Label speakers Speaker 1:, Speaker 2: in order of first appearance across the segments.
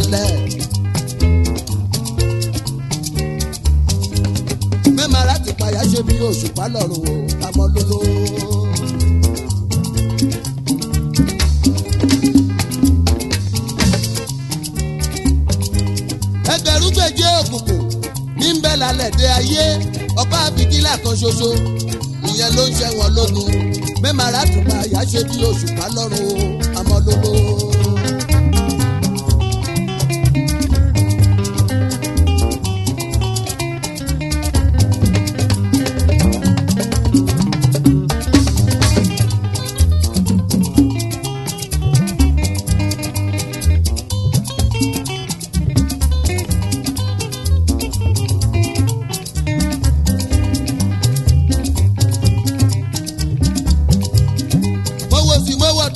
Speaker 1: lálẹ́. mẹ́màá láti payá ṣe bí òṣùpá lọ́rùn o pamọ́ lóló. ẹgbẹ̀rún gbèjé òkùnkùn ní ń bẹ lálẹ́ dé ayé ọba àbíkílà kan ṣoṣo ìyẹn ló ń ṣe wọn lógun mẹ́màá láti payá ṣe bí òṣùpá lọ́rùn o pamọ́ lóló.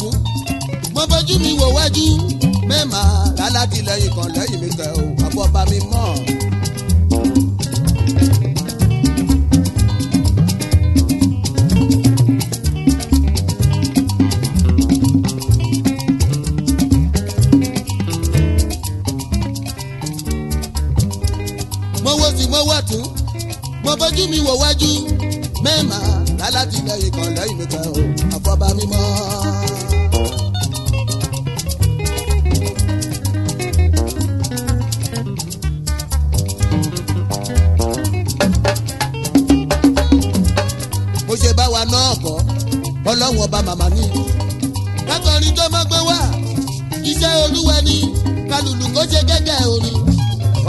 Speaker 1: ọ̀tún mo fojú mi wò wájú mẹ́mà lálàdì lẹ́yìn kan lẹ́yìn mi kẹ́ o àbọ̀bá mi mọ̀. fojú mi wò wájú mẹ́ẹ̀mà lálátìlẹ́yìn kan lẹ́yìn mi kan ò àfọ̀bá mímọ́. ṣe bá wa náà kọ́ ọlọ́wọ́n ọba màmá ní. lákọrin tó máa gbé wá iṣẹ́ olúwa ni kálùlù kó ṣe gẹ́gẹ́ orin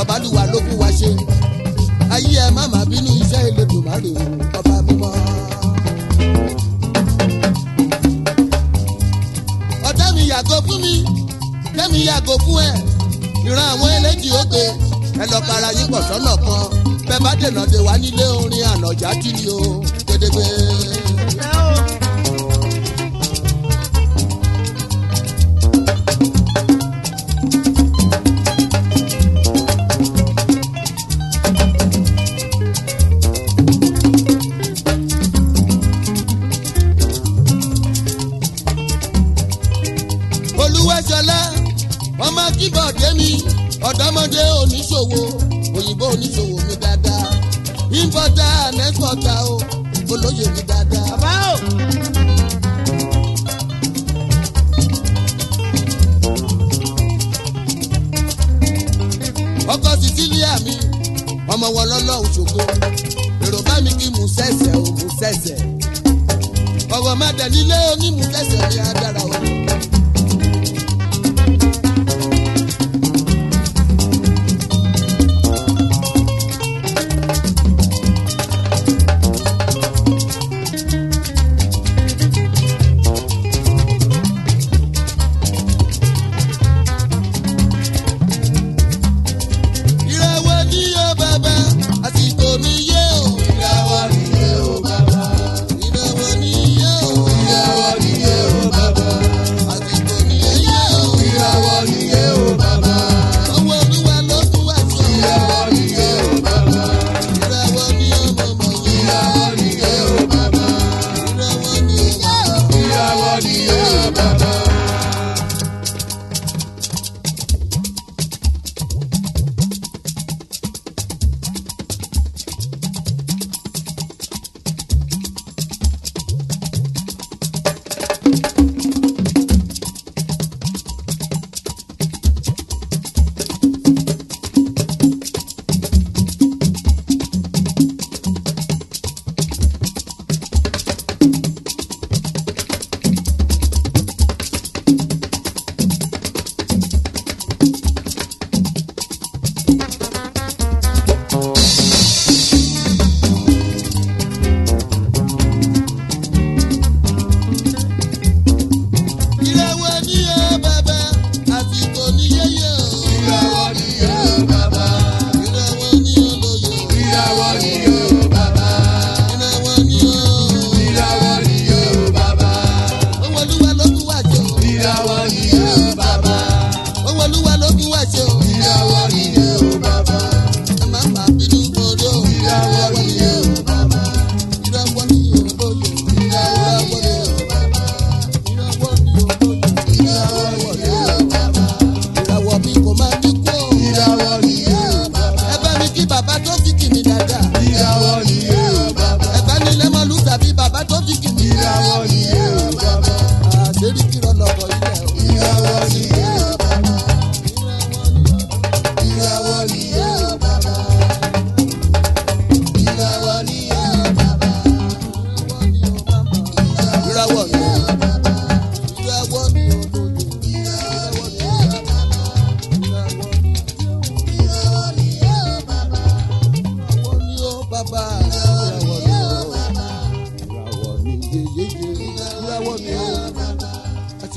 Speaker 1: ọbalùwà ló kú wa ṣe ayé ẹ má má bínú iṣẹ́ Elédùmarè ọba mímọ́. ọ̀tá mi yàgò fún mi tẹ́mi yàgò fún ẹ̀ ìran àwọn eléjì òkè ẹ lọ́ọ́ para yín pọ̀ sọ́nà kan bẹ́ẹ̀ bá dènà dé wá nílé orin ànàjà tí ni o gédégbé. olúwẹ̀sọ̀lá ọmọ kíbọ̀dé mi ọ̀dọ́mọdé oníṣòwò òyìnbó oníṣòwò mi dáadáa importer and exporter mo lóye mi dáadáa. bàbá o. ọkọ sicilia mi ọmọ wọn lọlọrun ṣògo èrò bá mi kí mú sẹsẹ o mú sẹsẹ ọwọ má dẹ nílé onímú sẹsẹ ní adára o.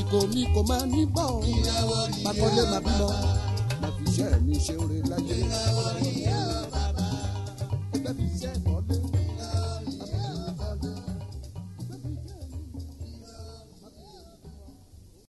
Speaker 1: àsìkò mi kò máa ní bọ̀ ọ́. Bàkọ́lé màbímọ, màbíṣẹ́ mi ṣe oore láyé.